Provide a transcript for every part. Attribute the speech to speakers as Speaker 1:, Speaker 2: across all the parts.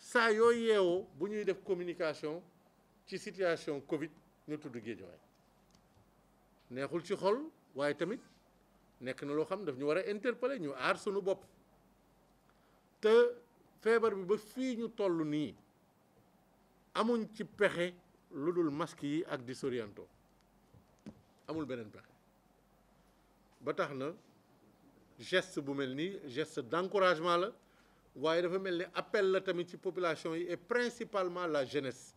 Speaker 1: saa yoo yeewoo bu ñuy def communication ci situation Covid ñu tudd Guédiawaye neexul ci xol waaye tamit nekk na loo xam daf ñu war a interpeller ñu aar sunu bopp te feebar bi ba fii ñu toll nii amuñ ci pexe lu dul masque yi ak di sorianto amul beneen pexe ba tax geste bu mel geste d'encouragement la waaye dafa mel ni appel la tamit ci population yi et principalement la jeunesse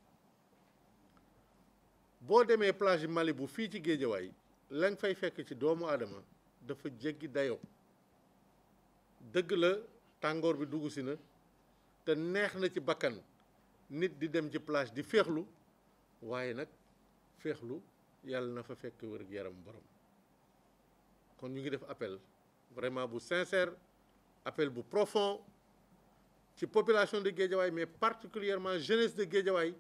Speaker 1: boo demee plage Malibu fii ci Géejawaay la fay fekk ci doomu aadama dafa jéggi dayoo dëgg la tàngoor bi dugg si na te neex na ci bakkan nit di dem ci plage di féexlu waaye nag féexlu yàlla na fa fekk wér yaram borom kon ñu ngi def appel vraiment bu sincère appel bu profond la population de Guédiawaye mais particulièrement jeunesse de Guédiawaye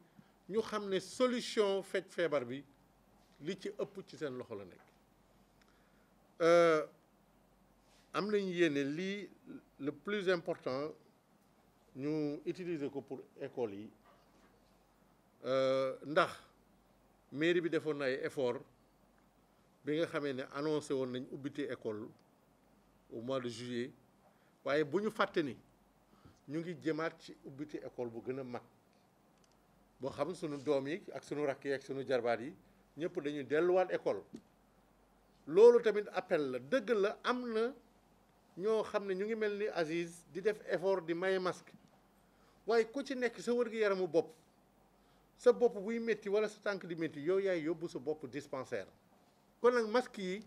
Speaker 1: nous avons des solution faites par Barbie, li ci ëpp ci seen loxo la nekk euh, am le plus important nous utiliser pour école yi euh, ndax mairie bi fait na ay effort bi nga ne annoncé woon nañ ubbite école au mois de juillet waaye bu ñu ni ñu ngi jëmaat ci ubbiti école bu gën a mag boo xam sunu doom yi ak sunu rakk yi ak sunu jarbaat yi ñëpp dañuy delluwaat école loolu tamit appel la dëgg la am na ñoo xam ne ñu ngi mel ni Aziz di def effort di maye masque waaye ku ci nekk sa wër-gi-yaramu bopp sa bopp buy métti wala sa tànk di métti yow yaay yóbbu sa bopp dispensaire kon nag masque yi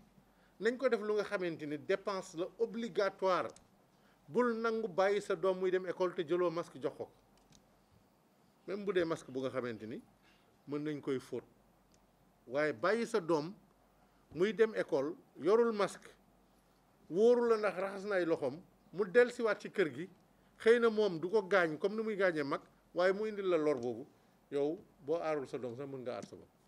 Speaker 1: nañ ko def lu nga xamante ni dépense la obligatoire bul nangu bayi sa doom muy dem école te jëloo masque jox ko même bu dee masque bu nga xamante ni mën nañ koy fóot waaye bayi sa doom muy dem école yorul masque wóoru la ndax raxas na ay loxoom mu dellusiwaat ci kër gi xëy na moom du ko gaañ comme ni muy gaañee mag waaye mu indil la lor boobu yow boo aarul sa doom sax mën nga aar sa bopp